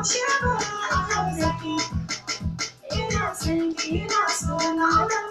Ina son ki, ina so na